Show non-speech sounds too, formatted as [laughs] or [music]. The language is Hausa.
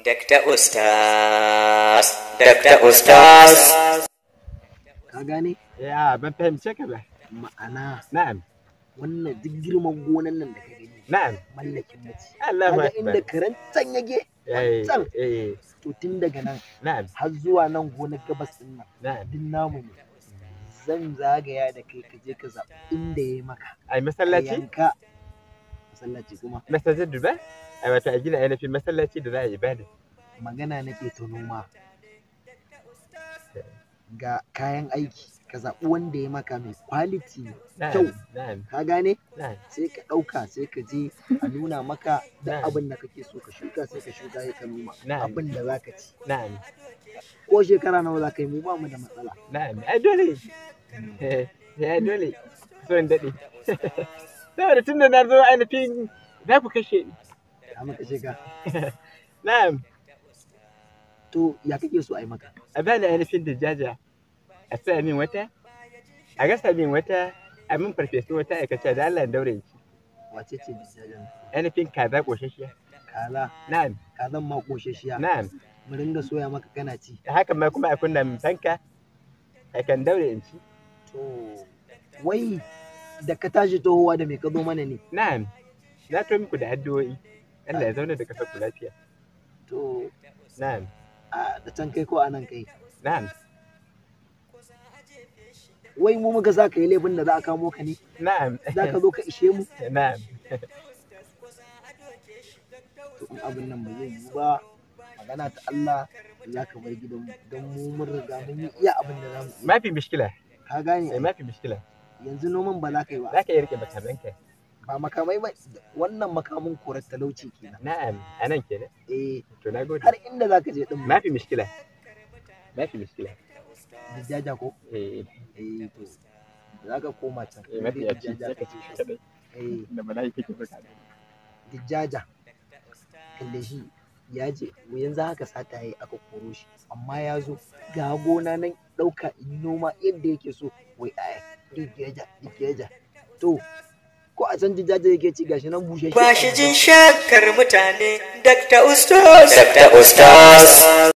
Dakta Ustaz, Dakta Ustaz. Ka gane? Ya, ban fahimce ka ba. Ma'ana. Na'am. Wannan duk girman gonan nan da ka gani. Na'am. Mallakin mace. Allah ma. inda karantan yage. Can. Eh, eh. To tun daga nan. Na'am. Har zuwa nan gonar gabas din nan. Na'am. Duk namu ne. Zan zagaya da kai ka je ka zaɓi inda ya yi maka. Ai masallaci? Yanka. masallaci kuma masajid dubai a wata a gina ainihin masallaci da za a yi ibada magana na ta noma ga kayan aiki ka zaɓi wanda ya maka mai kwaliti kyau ka gane sai ka ɗauka sai ka je a nuna maka da abin da kake so ka shuka sai ka shuka ya kan nuna abin da za ka ci ko shekara nawa za ka yi mu ba mu da matsala na'am ai dole Ya mm. [laughs] dole so daɗe [laughs] saboda tunda na zo ainihin za ku kashe ni a maka shiga [laughs] na'am to ya kake so a yi maka a bani ainihin da jaja a sa min wata a gasa min wata a min farfesu wata aikace da Allah daure ki wace ce da jajan ainihin kaza koshashiya kala na'am kazan ma koshashiya na'am mu ringa soya maka kana ci haka ma kuma a kunna min fanka a kan daure in ci to wai da ka tashi tohuwa da me ka zo mana ne na'am na to muku da addu'o'i Allah ya zauna da ka ku lafiya to na'am a da can kai ko a nan kai na'am wai mu muka za ka yi laifin da za a kamo ka ne na'am za ka zo ka ishe mu [laughs] na'am to in abin nan ba zai yi ba magana ta Allah za ka bar gidan don mu mun riga mun yi iya abin da za mu mafi mishkila ka gane eh, mafi mishkila yanzu noman ba za ka yi ba za ka yi rike makamin kai ba makamai ba wannan makamun korar talauci kenan na'am anan kenan eh to na gode har inda za ka je din na mishkila Mafi fi mishkila jajja ko eh, eh eh to za ka koma can eh mafi yaci za ka ci kadai eh da bala'i kake fuka dijjaja kalle shi ya je yanzu haka sata yi aka koro shi amma ya zo ga gona nan ɗauka in noma yadda yake so wai aya Dikeja, dikeja. To, ko a can jinja yake ci gashi nan bushe shi. Ba shi jin shakar mutane, Dr. Ustos. Dr. Ustos.